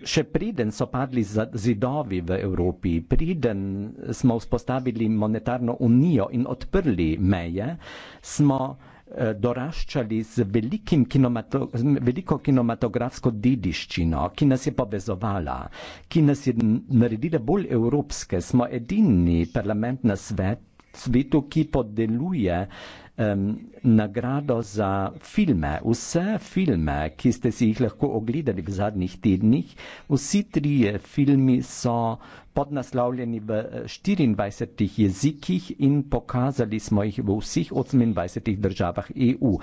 Še preden so padli zidovi v Evropi, preden smo vzpostavili monetarno unijo in odprli meje, smo eh, doraščali z velikim kinomato, veliko kinematografsko dediščino, ki nas je povezovala, ki nas je naredila bolj evropske. Smo edini parlament na svet, svetu, ki podeluje uh, um, nagrado za filme, vse filme, ki ste si jih lahko ogledali v zadnjih tednih. Vsi trije filmi so podnaslovljeni v 24 eh, jezikih in pokazali smo jih v vseh 28 državah EU.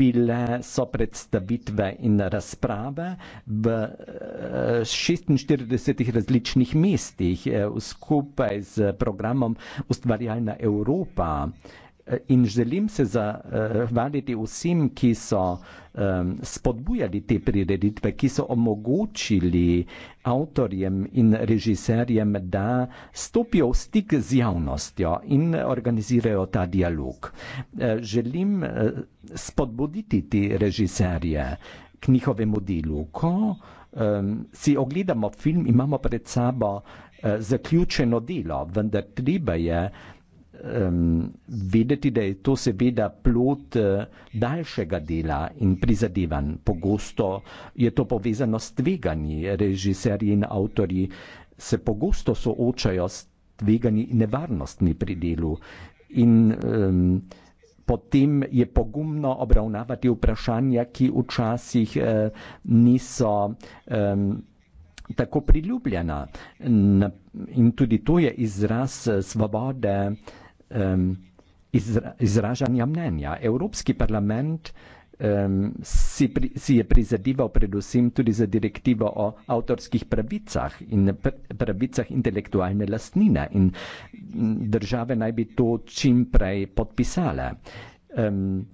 Bile so predstavitve in razprave v 46 eh, različnih mestih eh, skupaj z programom Ustvarjalna Evropa in želim se zahvaliti vsem, ki so um, spodbujali te prireditve, ki so omogočili avtorjem in režiserjem, da stopijo v stik z javnostjo in organizirajo ta dialog. Želim eh, spodbuditi te režiserje k njihovemu delu. Ko um, si ogledamo film, imamo pred sabo uh, zaključeno delo, vendar treba je um, vedeti, da je to seveda plot uh, eh, daljšega dela in prizadevanj. Pogosto je to povezano s tveganji. Režiserji in avtori se pogosto soočajo s tveganji in nevarnostmi pri delu. In um, potem je pogumno obravnavati vprašanja, ki včasih uh, niso. Um, Tako priljubljena in tudi to je izraz eh, svobode, um, izra, izražanja mnenja. Evropski parlament um, si, pri, si je prizadeval predvsem tudi za direktivo o avtorskih pravicah in pr, pravicah intelektualne lastnine in države naj bi to čim prej podpisale. Um,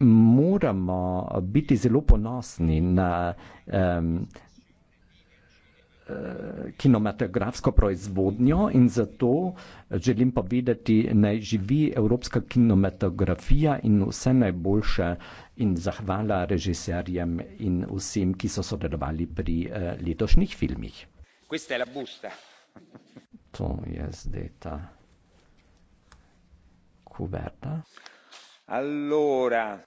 moramo biti zelo ponosni na um, kinematografsko proizvodnjo in zato želim povedati, naj živi evropska kinematografija in vse najboljše in zahvala režiserjem in vsem, ki so sodelovali pri eh, letošnjih filmih. Questa è la busta. To je zdaj ta kuverta. Allora.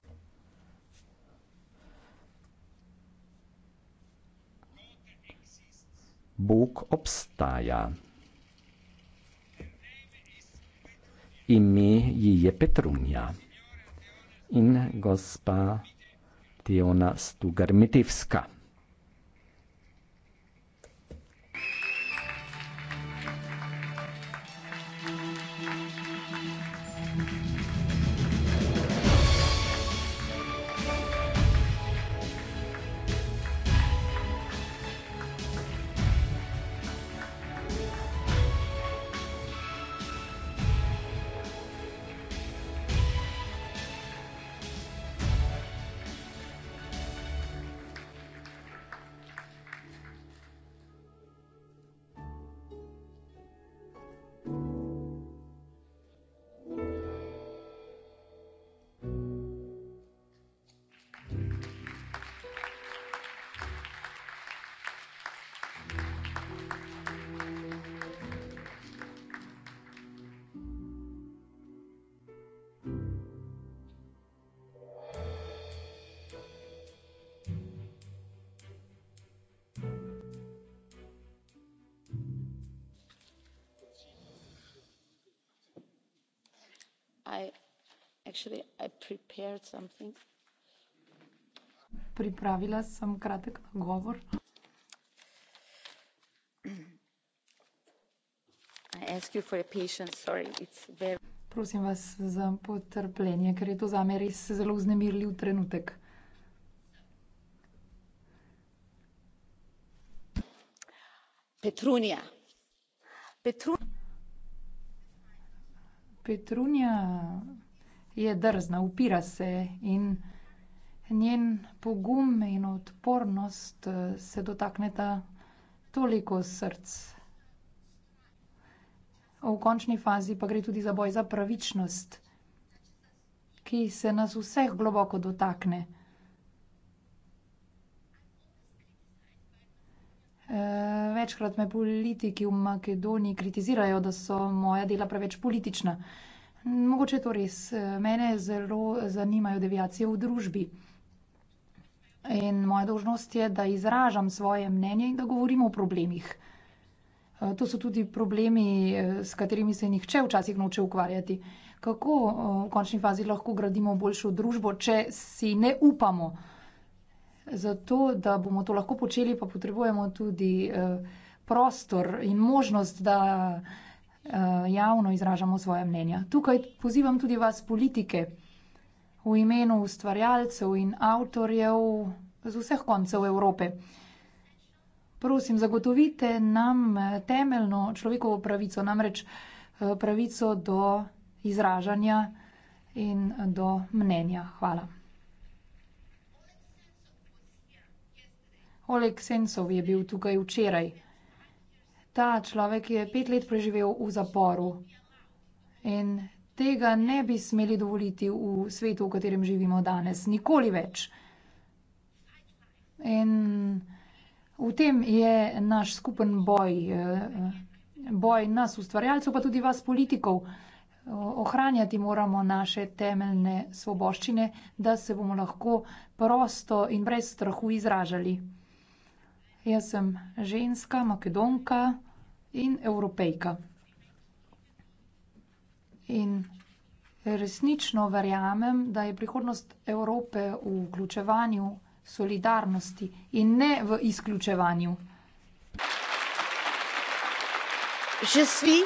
Bog obstaja. Ime ji je Petrunja in gospa Teona Stugar-Metevska. actually i prepared something pripravila sem kratek nagovor i ask you for your patience sorry it's very prosim vas za potrpljenje ker je to zame res zelo vznemirljiv trenutek petunia petru- Petrunja je drzna, upira se in njen pogum in odpornost eh, se dotakneta toliko src. V končni fazi pa gre tudi za boj za pravičnost, ki se nas vseh globoko dotakne. E, večkrat me politiki v Makedoniji kritizirajo, da so moja dela preveč politična. Mogoče je to res. Mene zelo zanimajo devijacije v družbi. In moja dožnost je, da izražam svoje mnenje in da govorim o problemih. E, to so tudi problemi, e, s katerimi se nihče včasih noče ukvarjati. Kako e, v končni fazi lahko gradimo boljšo družbo, če si ne upamo? Zato, da bomo to lahko počeli, pa potrebujemo tudi eh, prostor in možnost, da eh, javno izražamo svoje mnenja. Tukaj pozivam tudi vas, politike, v imenu ustvarjalcev in avtorjev z vseh koncev Evrope. Prosim, zagotovite nam eh, temeljno človekovo pravico, namreč pravico do izražanja in do mnenja. Hvala. Oleg Sensov je bil tukaj včeraj. Ta človek je pet let preživel v zaporu in tega ne bi smeli dovoliti v svetu, v katerem živimo danes. Nikoli več. In v tem je naš skupen boj, eh, boj nas ustvarjalcev, pa tudi vas politikov. Ohranjati moramo naše temeljne svoboščine, da se bomo lahko prosto in brez strahu izražali. Jaz sem ženska, makedonka in evropejka. In resnično verjamem, da je prihodnost Evrope v vključevanju, solidarnosti in ne v izključevanju. Je suis,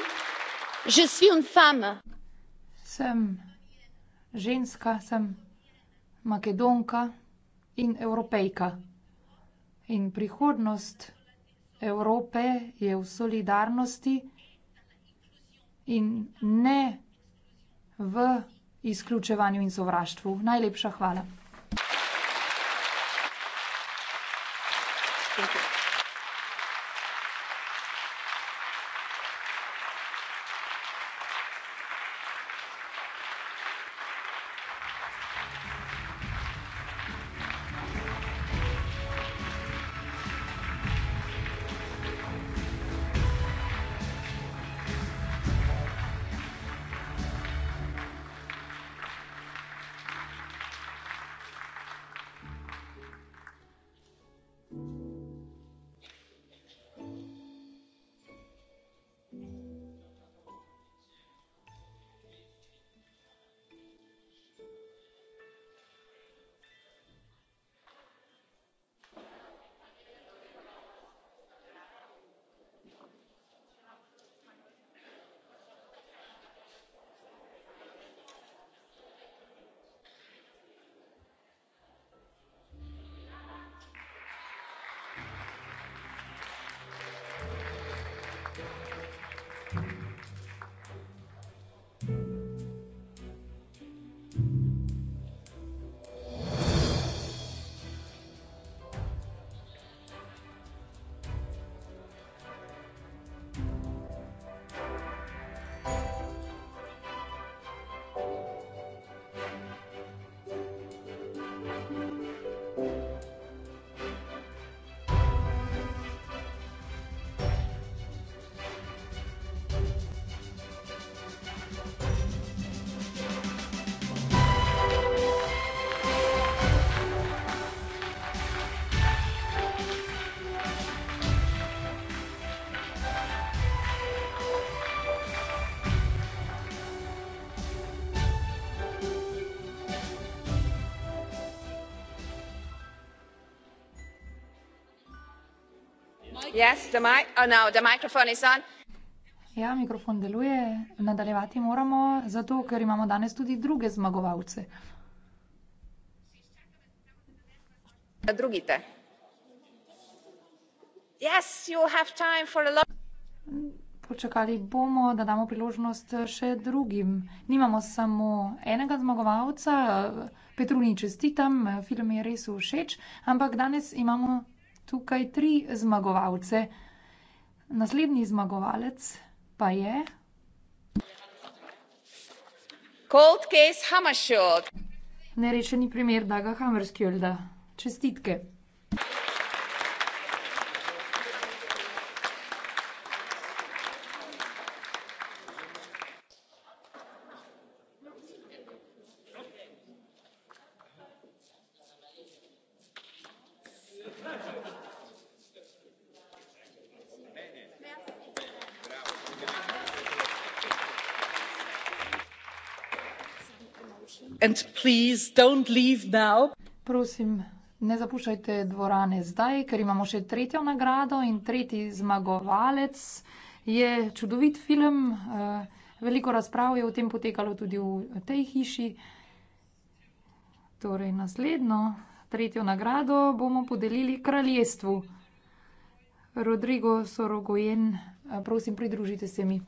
je suis une femme. Sem ženska, sem Makedonka in Evropejka. In prihodnost Evrope je v solidarnosti in ne v izključevanju in sovraštvu. Najlepša hvala. Oh no, ja, mikrofon deluje, nadaljevati moramo, zato ker imamo danes tudi druge zmagovalce. Ja, Počakali bomo, da damo priložnost še drugim. Nimamo samo enega zmagovalca, Petruni čestitam, film mi je res všeč, ampak danes imamo tukaj tri zmagovalce. Naslednji zmagovalec pa je. Cold case Hammershot. Nerešeni primer Daga Hammerskjölda. Čestitke. don't leave now. Prosim, ne zapuščajte dvorane zdaj, ker imamo še tretjo nagrado in tretji zmagovalec. Je čudovit film, eh, veliko razprav je o tem potekalo tudi v tej hiši. Torej, naslednjo, tretjo nagrado bomo podelili kraljestvu. Rodrigo Sorogojen, eh, prosim, pridružite se mi.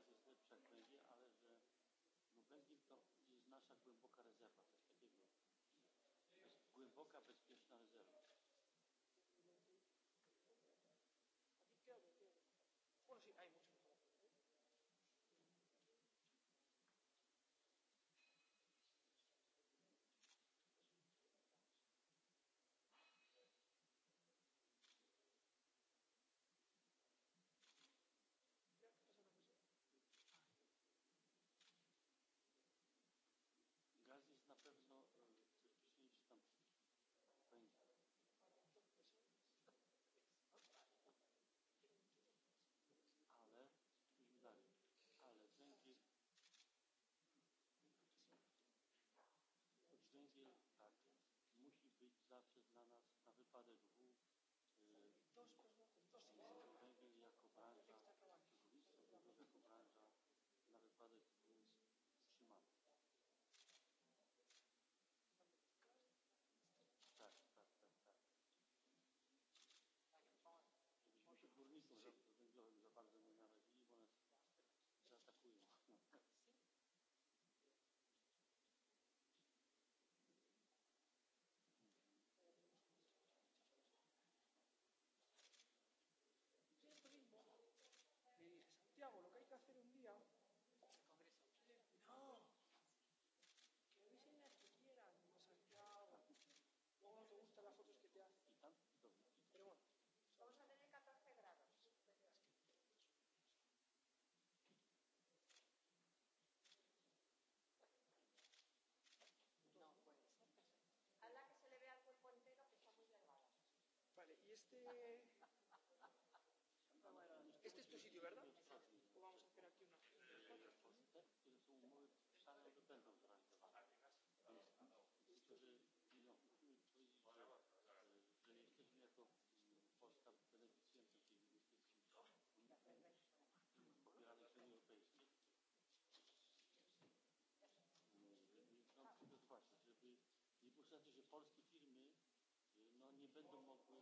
wyrazie złe przedpędzie, ale że no będzie to jest nasza głęboka rezerwa, coś takiego. To jest głęboka, bezpieczna rezerwa. zawsze dla nas na wypadek W jako branża, jako branża, na wypadek W. este. Este es tu sitio, ¿verdad? O vamos a hacer aquí una. Żeby nie posadzić, że polskie firmy no, nie będą mogły.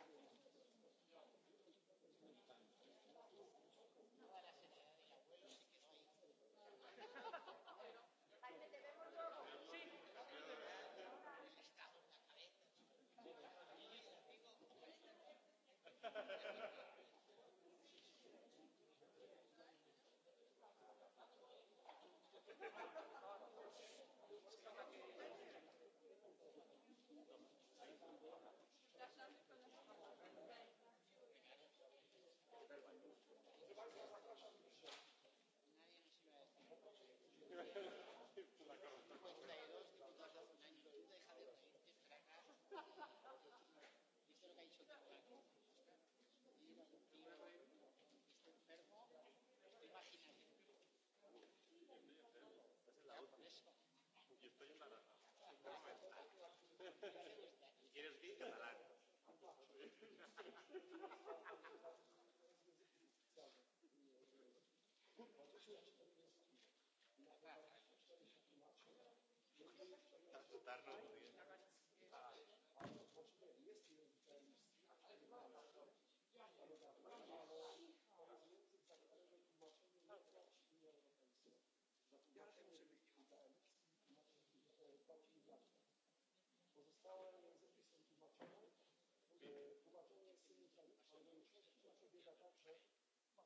¿Quieres que diga malán? Para asustar no podía.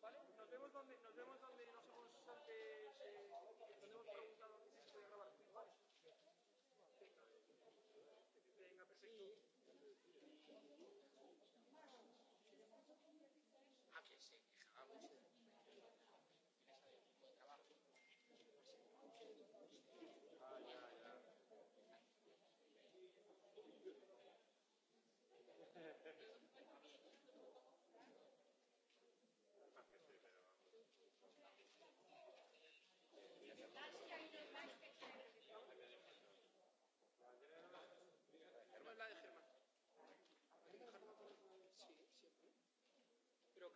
¿Vale? Nos vemos donde, nos vemos donde nos hemos antes eh, eh, donde hemos preguntado si se puede grabar. ¿Vale? Venga, perfecto. Sí. Ah, que sí.